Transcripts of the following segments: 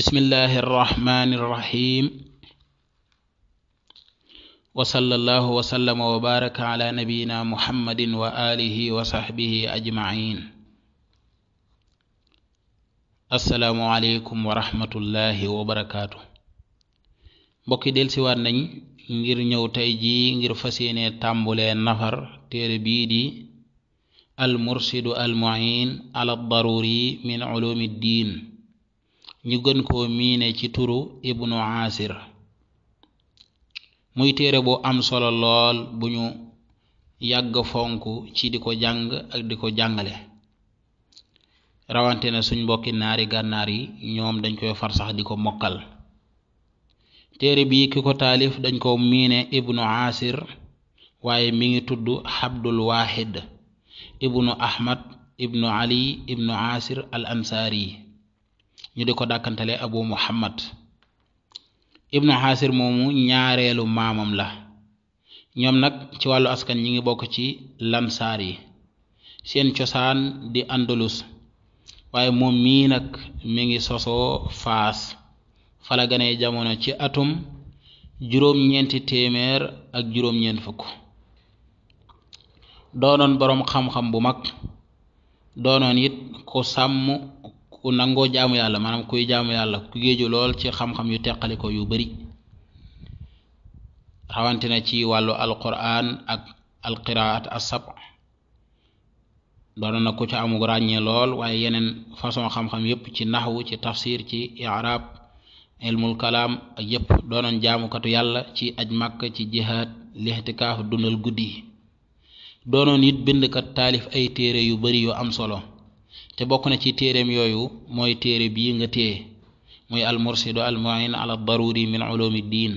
بسم الله الرحمن الرحيم وصلى الله وسلم وبارك على نبينا محمد وآله وصحبه أجمعين السلام عليكم ورحمة الله وبركاته بوكي ديل سوار ناني نجير نيو تايجي نجير فسيني تامبولي yéene tàmbulee nafar téere bii di al mursidu al ñu gën koo miine ci turu ibnu asir muy téere bu am solo lool bu ñu yàgg fonku ci di ko jàng ak di ko jàngale rawante na suñ mbokki naari gànnaar yi ñoom dañ koy far sax di ko mokkal téere bii ki ko taalif dañ ko miine ibnu asir waaye mi ngi tudd xabdul waxid ibnu ahmad ibnu ali ibnu asir al ansaar yi ñu di ko dàkkantale abu muhammad ibnu xaasir moomu ñaareelu maamam la ñoom nag ci wàllu askan ñi ngi bokk ci lamsaar yi seen cosaan di andalus waaye moom mii nag mi ngi sosoo faas fala gane jamono ci atum juróom-ñeenti téeméer ak juróom-ñeent fukk doonoon boroom xam-xam bu mag doonoon it ku sàmm ku nangoo jaamu yàlla maanaam kuy jaamu yàlla ku géeju lool ci xam-xam yu teqali yu bari rawante na ci wàllu alquran ak alqiraat asab doon na ku ci amug ràññee lool waaye yeneen façon xam-xam yépp ci naxwu ci tafsir ci irab ilmul kalaam ak yépp doonoon jaamukatu yàlla ci aj màkk ci jihaad lixtikaaf dundal guddi yi doonoon it bindkat taalif ay téere yu bari yu am solo te bokk na ci téeréem yooyu mooy téere bii nga téye muy almursidu almuin ala daruri min ulumi diin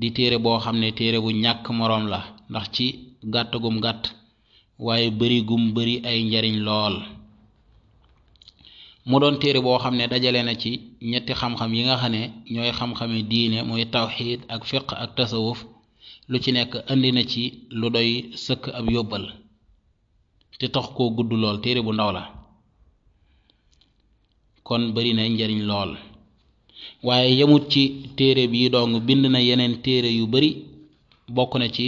di téere boo xam ne téere bu ñàkk moroom la ndax ci gàtt gum gàtt waaye bëri gum bëri ay njariñ lool mu doon téere boo xam ne dajale na ci ñetti xam-xam yi nga xam ne ñooy xam-xami diine muy tawxiid ak fiq ak tasawuf lu ci nekk indi na ci lu doy sëkk ab yóbbal te tax koo gudd lool téere bu ndaw la kon bari na njariñ lool waaye yemut ci téere bii dong bind na yeneen téere yu bari bokk na ci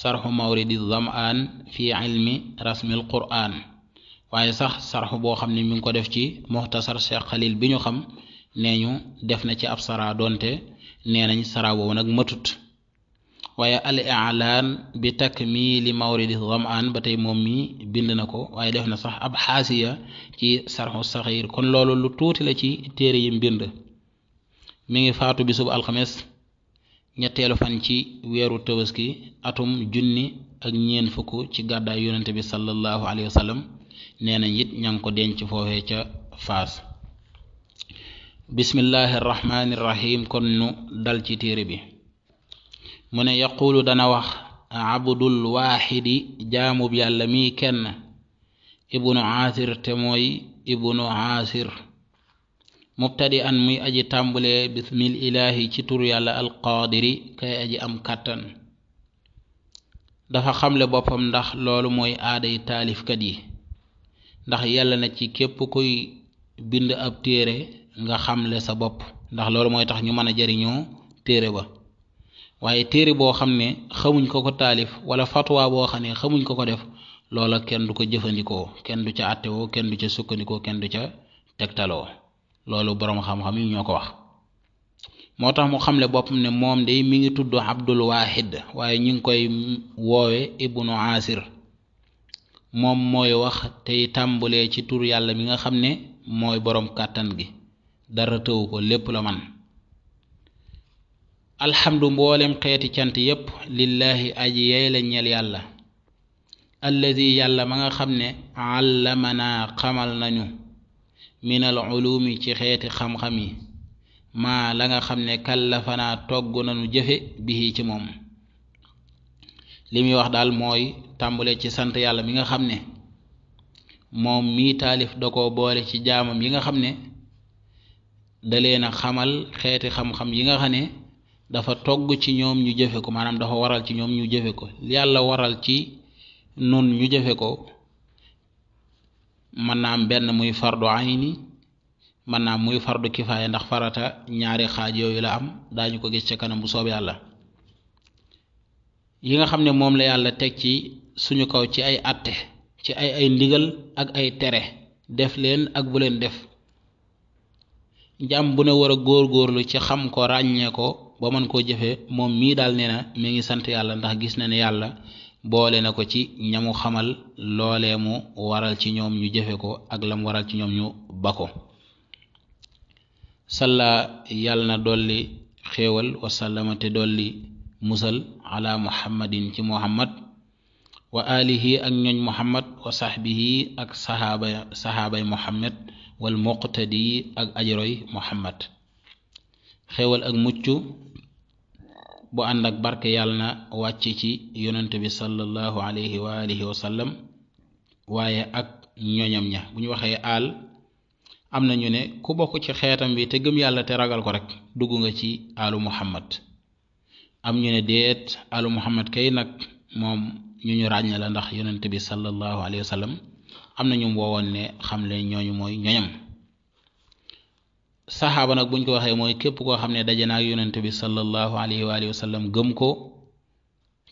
sarxu mawridi zamaan fi ilmi rasmil quraan waaye sax sarxu boo xam ne mi ngi ko def ci muxtasar Cheikh Xalil bi ñu xam nee ñu def na ci ab sara donte nee nañ sara woowu nag matut waaye al i'laan bi takmiili mawridi zam'an ba tey moom mi bind na ko waaye def na sax ab xaasiya ci sarxu saxiir kon loolu lu tuuti la ci téere yi mbind mu ngi faatu bi bisub alxames ñetteelu fan ci weeru tabaski atum junni ak ñeen fukk ci gàddaay yonente bi sallallahu alayhi wa sallam nee nañ it ña ngi ko denc foofee ca faas bismillahi kon nu dal ci téere bi mu ne yaquulu dana wax abdul waaxidi jaamub yàlla mii kenn ibnu aasir te mooy ibnu aasir mubtadi an muy aji tàmbulee bismil ilaahi ci tur yàlla alqaadiri kay aji am kàttan dafa xamle boppam ndax loolu mooy aaday taalifkat yi ndax yàlla na ci képp koy bind ab téere nga xamle sa bopp ndax loolu mooy tax ñu mën a jariñoo téere ba waaye téere boo xam ne xamuñ ko ko taalif wala fatwa boo xam ne xamuñ ko ko def loola kenn du ko jëfandikoo kenn du ca àttewoo kenn du ca sukkandikoo kenn du ca tegtaloo loolu boroom xam-xam yi ñoo ko wax moo tax mu xam ne boppam ne moom de mi ngi tudd Abdul Wahid waaye ñu ngi koy woowe Ibnu Asir moom mooy wax tey tàmbulee ci tur yàlla mi nga xam ne mooy boroom kàttan gi dara tëwu ko lépp la man alxamdu mboolem xeeti cant yépp lillaahi aji yey la ñeel yàlla alladi yàlla ma nga xam ne àllamanaa xamal nañu minal ulumi ci xeeti xam-xam yi maa la nga xam ne la kallafanaa togg nañu jëfe bihi ci moom li muy wax daal mooy tàmbale ci sant yàlla mi nga xam ne moom mii taalif da ko boole ci jaamam yi nga xam ne da leen xamal xeeti xam-xam yi nga xam ne dafa togg ci ñoom ñu jëfe ko maanaam dafa waral ci ñoom ñu jëfe ko yàlla waral ci nun ñu jëfe ko mën naa am benn muy fardu ayni mën naa am muy fardu kifaaya ndax farata ñaari xaaj yooyu la am daañu ko gis ca kanam bu soob yàlla yi nga xam ne moom la yàlla teg ci suñu kaw ci ay àtte ci ay ay ndigal ak ay tere def leen ak bu leen def jàmm bu ne war góor góorlu ci xam ko ràññee ko ba mën koo jëfee moom mii daal nee na mi ngi sant yàlla ndax gis na ne yàlla boole na ko ci ñamu xamal loole mu waral ci ñoom ñu jëfe ko ak lam waral ci ñoom ñu ba ko salla yàlla na dolli xéewal wasallama te dolli musal ala muhammadin ci muhammad wa alihi ak ñooñ muhammad wa sahbihi ak saxaabay saxaabay muhammad wal muqtadi ak ajroy muhammad xewal ak mucc bu ànd ak barke yàlla na wàcc ci yonente bi sallallahu alayhi wa alihi wa sallam waaye ak ñoñam ña bu ñu waxee aal am na ñu ne ku bokk ci xeetam bi te gëm yàlla te ragal ko rek dugg nga ci alu muhammad am ñu ne déet alu muhammad kay nag moom ñu ñu ràññe la ndax yonente bi sallallahu alayhi wa sallam am na ñu woowoon ne xam leen ñooñu mooy ñoñam saxaaba nag bu buñ ko waxee mooy képp koo xam ne daje na ak yonent bi sallallahu alayhi wa alihi wa sallam gëm ko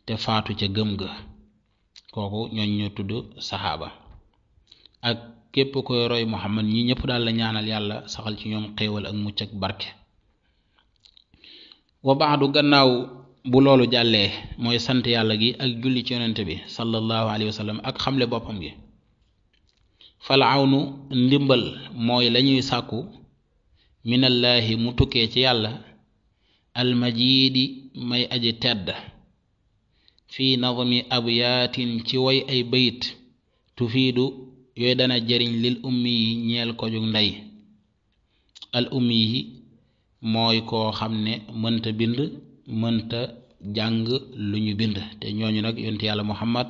te faatu ca gëm ga kooku ñooñ ñoo tudd saxaaba ak képp koy roy muhammad ñi ñëpp daal la ñaanal yàlla saxal ci ñoom xéewal ak mucc ak barke wa baadu gannaaw bu loolu jàllee mooy sant yàlla gi ak julli ci yonent bi sallallahu alayhi wa ak xamle boppam gi fal awnu ndimbal mooy lañuy sàkku minallahi mu tukee ci yàlla almajiidi may aji tedd fi nadami abyaatin ci way ay bayit tufiidu yooy dana jëriñ lil ummiyi ñeel ko jug ndey al ummiyi mooy koo xam ne mënta bind mënta jàng lu ñu bind te ñooñu nag yont yàlla mouhammad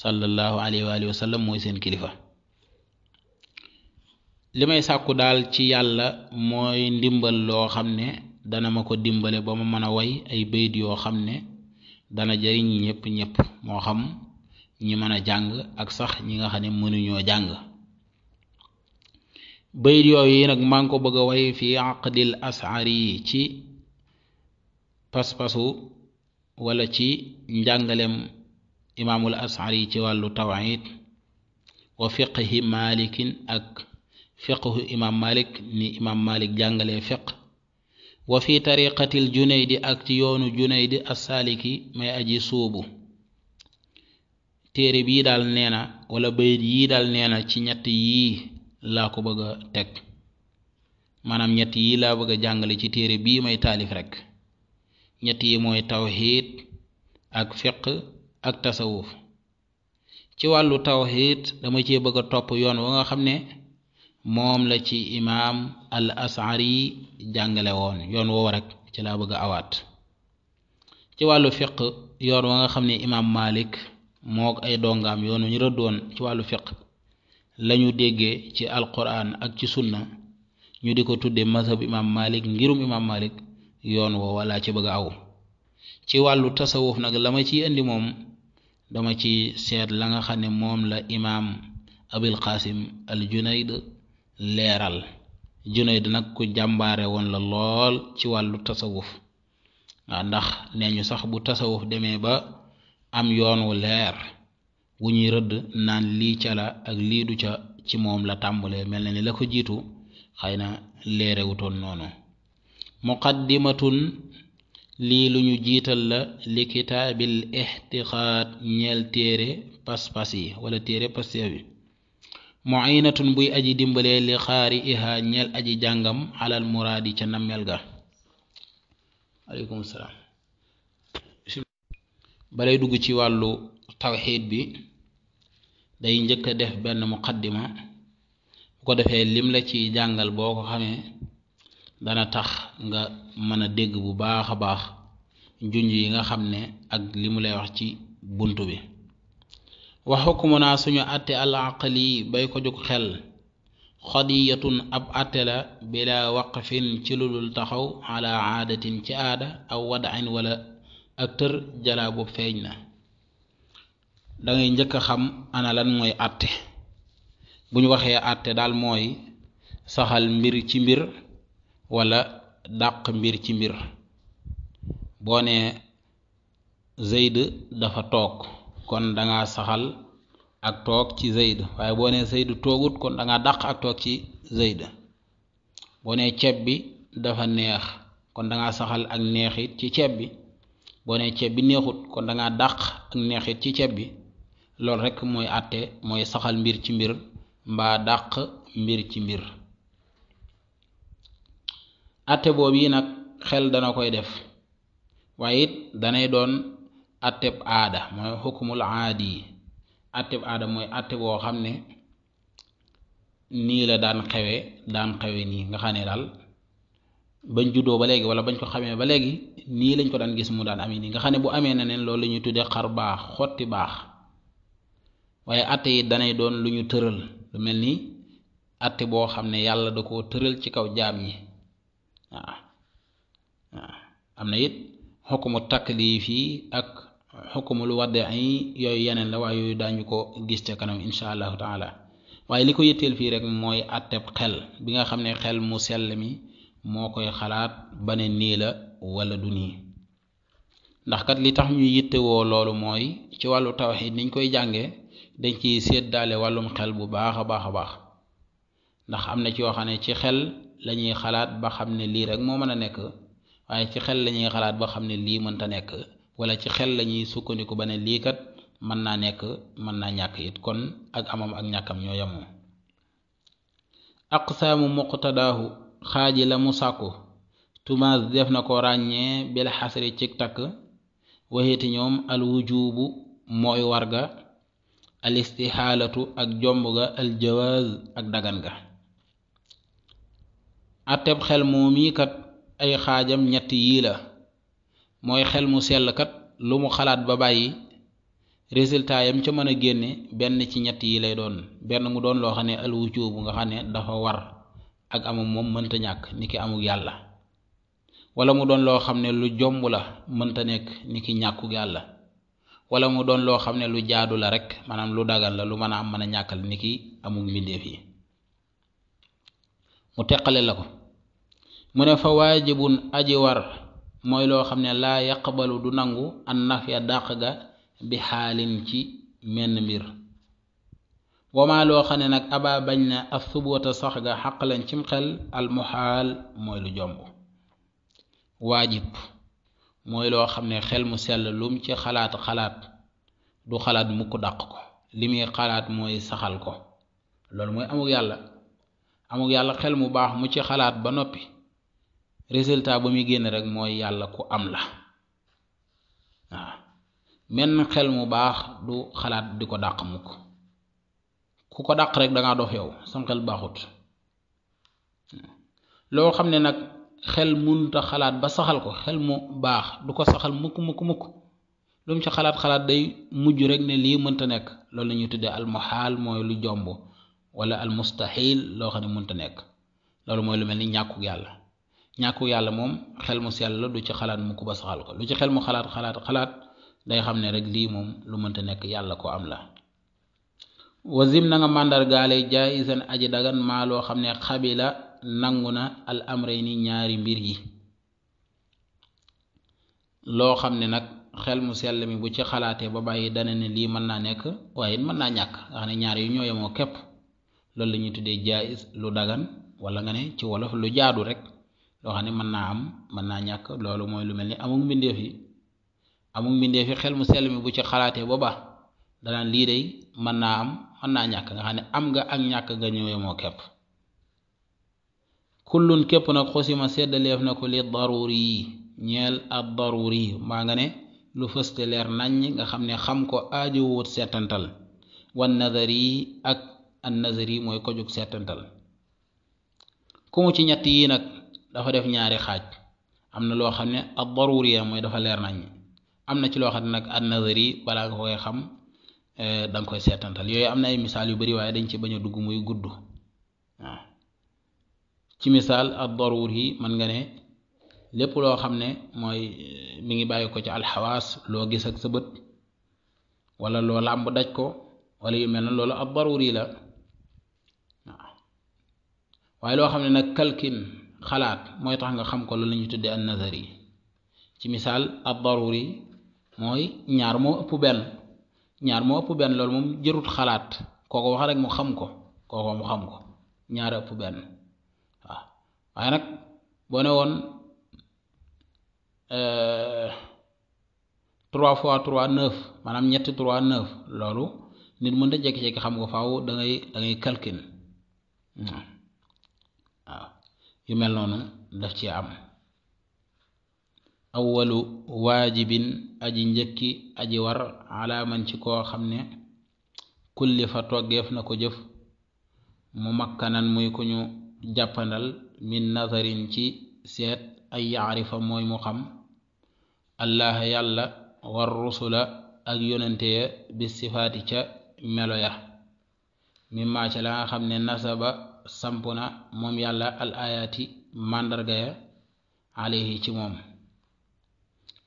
sallallahu alayhi wa alihi wa sallam mooy seen kilifa li may sàkku daal ci yàlla mooy ndimbal loo xam ne dana ma ko dimbale ba ma mën a way ay bayit yoo xam ne dana jariñ ñépp ñépp moo xam ñi mën a jàng ak sax ñi nga xam ne mënuñoo jàng bayit yooyu yi nag maa ngi ko bëgg a way fi aqdil asari yi ci pas-pasu wala ci njàngalem imaamul asari yi ci wàllu tawhid wa fiqhi malikin ak fiqhu imaam malik ni imaam malik jàngalee fiq wa fi tariqatil junaydi ak ci yoonu junaydi assaliki may aji suubu téere bii daal nee na wala bayit yii daal nee na ci ñett yii laa ko bëgg a teg maanaam ñett yii laa bëgg a jàngale ci téere bii may taalif rek ñett yi mooy taw tawxiid ak fiq ak tasawuf ci wàllu tawxiid dama cee bëgg a topp yoon wa nga xam ne moom la ci imaam al ashari jàngale woon yoon woowu rek ci laa bëgg a awaat ci wàllu fiq yoon wa nga xam ne imaam maalik mook ay dongaam yoon wu ñu rëddoon ci wàllu fiq lañu déggee ci alquran ak ci sunna ñu di ko tuddee mazhab imaam malik ngirum imaam malik yoon woowa laa ci bëgg aw ci wàllu tasawuf nag lama ma ciy indi moom dama ci seet la nga xam ne moom la imaam abil qasim al junayd leeral Junayd nag ko jàmbaare woon la lool ci wàllu tasawuf waaw ndax nee ñu sax bu tasawuf demee ba am yoon wu leer wu ñuy rëdd naan lii ca la ak lii du ca ci moom la tàmbalee mel na ni la ko jiitu xay na leerewutoon noonu muqaddimatun lii lu ñu jiital la li kitaabil ixtiqaad ñeel téere pas-pas yi wala téere pasteef bi mo'inatun buy aji dimbale li xaari iha ñel aji jàngam alal muraadi ca nammel ga alaykumsalaam ba lay dugg ci wàllu tawxid bi day njëkk def benn muqaddima bu ko defee lim la ci jàngal boo ko xamee dana tax nga mën a dégg bu baax a baax njunj yi nga xam ne ak li mu lay wax ci bunt bi wa xukmu naa suñu àtte al aqli bay ko jóg xel xadiyatun ab àtte la bila waqfin ci lulul taxaw ala aadatin ci aada aw wadain wala ak tër jalaa feeñ na dangay njëkk a xam analan mooy àtte bu ñu waxee àtte daal mooy saxal mbir ci mbir wala dàq mbir ci mbir boo nee zeyd dafa toog kon danga saxal ak toog ci zayd waaye boo ne zayd toogut kon danga dàq ak toog ci zayd boo nee ceeb bi dafa neex kon danga saxal ak neexit ci ceeb bi boo ceeb bi neexut kon danga dàq ak ci ceeb bi loolu rekk mooy àtte mooy saxal mbir ci mbir mbaa dàq mbir ci mbir àtte boobu yi nag xel dana koy def waaye it danay doon atteb aada mooy xukumul aadi yi atteb aada mooy atte boo xam ne nii la daan xewe daan xewe nii nga xam ne daal bañ juddoo ba léegi wala bañ ko xamee ba léegi nii lañ ko daan gis mu daan amee nii nga xam ne bu amee na neen loolu la ñuy tuddee xar baax xotti baax waaye atte yi danay doon lu ñu tëral lu mel ni atte boo xam ne yàlla da koo tëral ci kaw jaam yi waaw waaw am na it xukumu taklifi ak lu xukumul wadai yooyu yeneen la waaye yooyu daañu ko gis ca kanam incha allahu taala waaye li ko yëtteel fii rek mooy atteb xel bi nga xam ne xel mu sell mi moo koy xalaat ba ne nii la walla du nii ndax kat li tax ñu yittewoo loolu mooy ci wàllu tawxid niñ koy jàngee dañ ciy séddaale wàllum xel bu baax a baax a baax ndax am na ci yoo xam ne ci xel lañuy xalaat ba xam ne lii rek moo mën a nekk waaye ci xel la ñuy xalaat ba xam ne lii mënta nekk wala ci xel la ñuy sukkandiku ba ne lii kat mën naa nekk mën naa ñàkk it kon ak amam ak ñàkkam ñoo yemoo aqsaamu muqtadaahu xaaji la mu sàkku tumaas def na ko ràññee bil xasri cig takk waxeeti ñoom al mooy warga al istixaalatu ak jomb ga al ak dagan ga atteb xel moomii ay xaajam ñett yii la mooy xel mu sell kat lu mu xalaat ba bàyyi résultat yam ca mën a génne benn ci ñett yi lay doon benn mu doon loo xam ne alwucuu bu nga xam ne dafa war ak amum moom mënta ñàkk ni ki amuk yàlla wala mu doon loo xam ne lu jomb la mënta nekk ni ki ñàkkuk yàlla wala mu doon loo xam ne lu jaadu la rek maanaam lu dagal la lu mën a am mën a ñàkkal ni ki amuk mbindeef yi mu teqale la ko mu ne fa waajibun aji war mooy loo xam ne laa yaqbalu du nangu an nafya dàq ga bi xaalin ci menn mbir wamaa loo xam ne nag abaa bañ na af subuta sax ga xaq lañ cim xel almuxaal mooy lu jomb waajib mooy loo xam ne xel mu sell lum ci xalaat xalaat du xalaat mukk dàq ko li muy xalaat mooy saxal ko loolu mooy amul yàlla amul yàlla xel mu baax mu ci xalaat ba noppi résultat ba muy génn rek mooy yàlla ku am la waaw menn xel mu baax du xalaat di ko dàq mukk ku ko dàq rek dangaa dox yow sam xel baaxut loo xam ne nag xel munta xalaat ba saxal ko xel mu baax du ko saxal mukk mukk mukk lu mu ci xalaat xalaat day mujj rek ne lii mënta nekk loolu la ñuy tuddee almuhaal mooy lu jomb wala almustahil loo xam ne mënta nekk loolu mooy lu mel ni ñàkkug yàlla ñàkku yàlla moom xel mu sell du ci xalaat mu ku ba saxal ko lu ci xel mu xalaat xalaat xalaat day xam ne rek lii moom lu mënta nekk yàlla ko am la wasim na nga màndargaale jaayisan aji dagan maa loo xam ne xabila nangu na al amrayni ñaari mbir yi loo xam ne nag xel mu sell mi bu ci xalaatee ba bàyyi dana ne lii mën naa nekk waaye mën naa ñàkk nga xam ne ñaar yu ñoo yemoo képp loolu la ñuy tuddee jaayis lu dagan wala nga ne ci wolof lu jaadu rek loo xam ne mën naa am mën naa ñàkk loolu mooy lu mel ni amul mbindeef yi amul mbindeef yi xel mu sell mi bu ci xalaatee ba baax lii day mën naa am mën naa ñàkk nga xam ne am nga ak ñàkk nga moo képp kullun képp nag xusima na ko li daruri yi ñeel nga ne lu fëste leer naññ nga xam ne xam ko aajowut seetantal wan nazar yi ak an nazar yi mooy ko jóg seetantal ku mu ci ñett yi nag dafa def ñaari xaaj am na loo xam ne ad daruriya mooy dafa leer nañ am na ci loo xam ne nag ad nazari balaa nga koy xam eh, da nga koy seetantal yooyu am na ay misaal yu bari waaye dañ ci bañ a dugg muy gudd waaw ci misaal ad daruri mën nga ne lépp loo xam ne mooy eh, mu ngi bàyyi ko ci alxawaas loo gis ak sa bët wala loo làmb daj ko wala yu mel na loolu ab daruri la waaye loo xam ne nag kalkin xalaat mooy tax nga xam ko loolu la ñuy tuddee an nazari ci misaal ab daruri mooy ñaar moo ëpp benn ñaar moo ëpp benn loolu moom jërut xalaat kooko wax rek mu xam ko kooko mu xam ko ñaar ëpp benn waaw waaye nag boo ne woon euh, trois fois trois neuf maanaam ñetti trois neuf loolu nit mën ta jekki-jekki xam ko faw da ngay da yu mel noonu daf ci am awwalu waajibin aji njëkki aji war alaaman ci koo xam ne kulli fa toggeef na ko jëf mu makkanan muy ku ñu jàppandal min nazarin ci seet ay yaarifa mooy mu xam allah yàlla war rusula ak yonante ya bi sifaati ca melo ya mimmaa ca la nga xam ne nasaba samp na moom yàlla al ayaati màndarga ya alayhi ci moom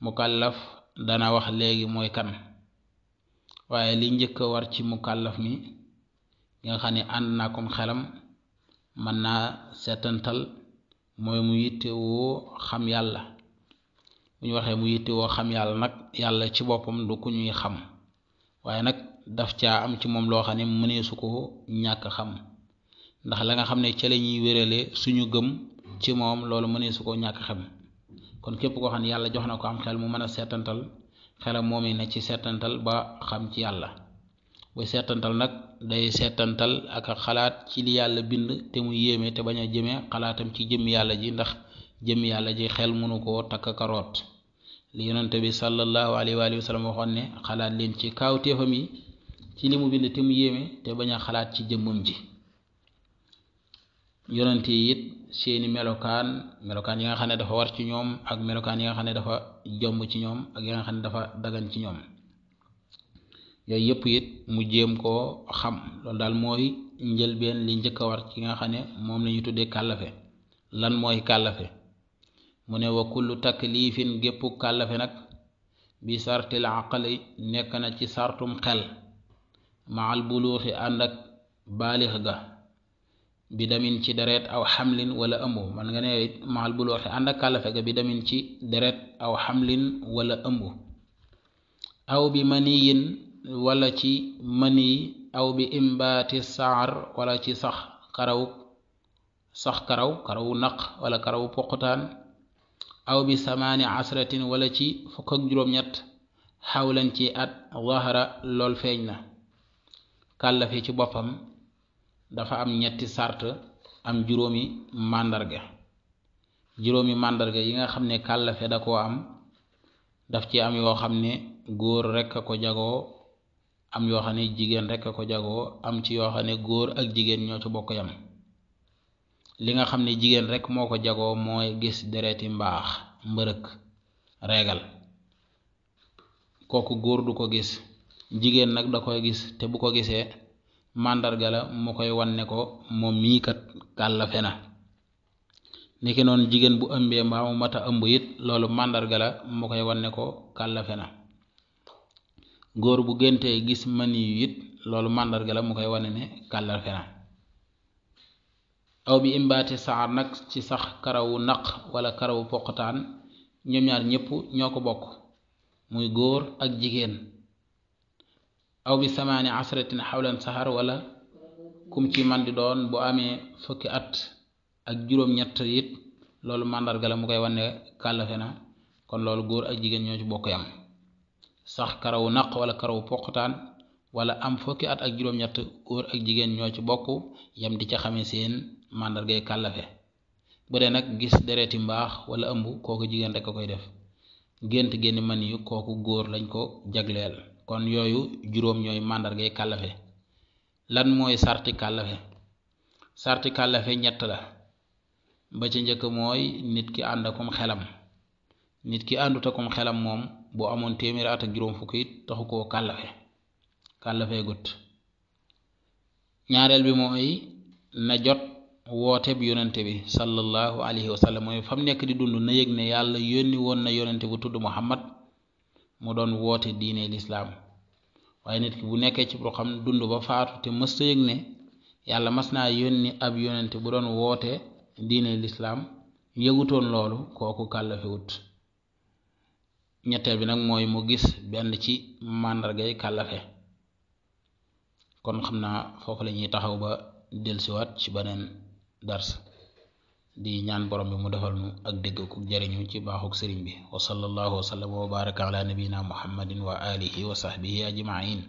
mukallaf dana wax léegi mooy kan waaye li njëkk a war ci mukallaf mi nga xam ne ànd naa koom xelam mën naa seetantal mooy mu yitte woo xam yàlla mu ñu waxee mu yitte woo xam yàlla nag yàlla ci boppam du ku ñuy xam waaye nag daf caa am ci moom loo xam ne mëneesu ko ñàkk xam ndax la nga xam ne ca la ñuy wérale suñu gëm ci moom loolu mënee su ko ñàkk xam kon képp koo xam ne yàlla jox na ko am xel mu mën a seetantal xelam moom yi na ci seetantal ba xam ci yàlla bu seetantal nag day seetantal ak a xalaat ci li yàlla bind te mu yéeme te bañ a jëme xalaatam ci jëmm yàlla ji ndax jëmm yàlla ji xel mënu koo takk karoot li yonente bi sallallahu alayhi wa sallam waxoon ne xalaat leen ci kaawteefam yi ci li mu bind te mu yéeme te bañ a xalaat ci jëmmam ji yonent yi it seeni melokaan melokaan yi nga xam ne dafa war ci ñoom ak melokaan yi nga xam ne dafa jomb ci ñoom ak yi nga xam ne dafa dagan ci ñoom yooyu yëpp it mu jéem koo xam loolu daal mooy njëlbeen li njëkk a war ci nga xam ne moom la tuddee kàllafe lan mooy kàllafe mu ne wa takk liifin gépp kàllafe nag bi sartil aqali nekk na ci sartum xel maal buluuxi ànd ak baalix ga bi damin ci deret aw xamlin wala ëmb man nga ne maal bu looxe ànd ak kàllafe ga bi ci deret aw xamlin wala ëmb aw bi maniyin wala ci mani aw bi imbaati saar wala ci sax karaw sax karaw karawu naq wala karawu poqutaan aw bi samaani asratin wala ci fukk ak juróom-ñett xawlan ci at zahara lool feeñ na kàllafe ci boppam dafa am ñetti sart am juróomi màndarga juróomi màndarga yi nga xam ne kàllafe da koo am daf ci am yoo xam ne góor rekk a ko jagoo am yoo xam ne jigéen rekk a ko jagoo am ci yoo xam ne góor ak jigéen ñoo ci bokk yam li nga xam ne jigéen rekk moo ko jagoo mooy gis dereti mbaax mbërëk reegal kooku góor du ko gis jigéen nag da koy gis te bu ko gisee màndarga la mu koy wan ko moom mii kat kàllafe na niki noonu jigéen bu ëmbee mbaa mu mata ëmb it loolu màndarga la mu koy wan ko kàllafe na góor bu géntee gis mani it loolu màndarga la mu koy wane ne kàllafe na aw bi imbaati saar nag ci sax karawu naq wala karawu poqtaan ñoom ñaar ñëpp ñoo ko bokk muy góor ak jigéen aw bi samani asratin hawlan sahar wala kum ci mandi doon bo amee fukki at ak juróom ñett it loolu mandarga la mu koy wane kàllafe na kon loolu góor ak jigéen ñoo ci bokk yam sax karaw naq wala karaw poqutaan wala am fukki at ak juróom ñett góor ak jigéen ñoo ci bokk yam di ca xamee seen mandargay kàllafe bu dee nag gis dereeti mbaax wala ëmb kooku jigéen rek a koy def gént génn man yu kooku góor lañ ko jagleel kon yooyu juróom ñooy màndargay kàllafe lan mooy sarti kàllafe sarti kàllafe ñett la ba ci njëkk mooy nit ki ànd akum xelam nit ki àndut akum xelam moom boo amoon téeméeri at ak juróom fukk taxu koo kàllafe kàllafe gut ñaareel bi mooy na jot woote bi yonente bi sallallahu alayhi wa fam nekk di dund na yëg ne yàlla yónni woon na yonente bu tudd muhammad mo doon woote diine lislaam waaye nit ki bu nekkee ci boo xam dund ba faatu te mësta yëg ne yàlla mas naa yónni ab yonente bu doon woote diine lislaam yëgutoon loolu kooku kàllafewut ñetteel bi nag mooy mu gis benn ci màndargay kàllafe kon xam naa foofu la ñuy taxaw ba del siwaat ci beneen dars di ñaan borom bi mu defal nu ak dégg ku jariñu ci baaxuk sëriñ bi wa sallallahu wa sallam wa baraka ala nabina muhammadin wa alihi wa sahbihi ajmain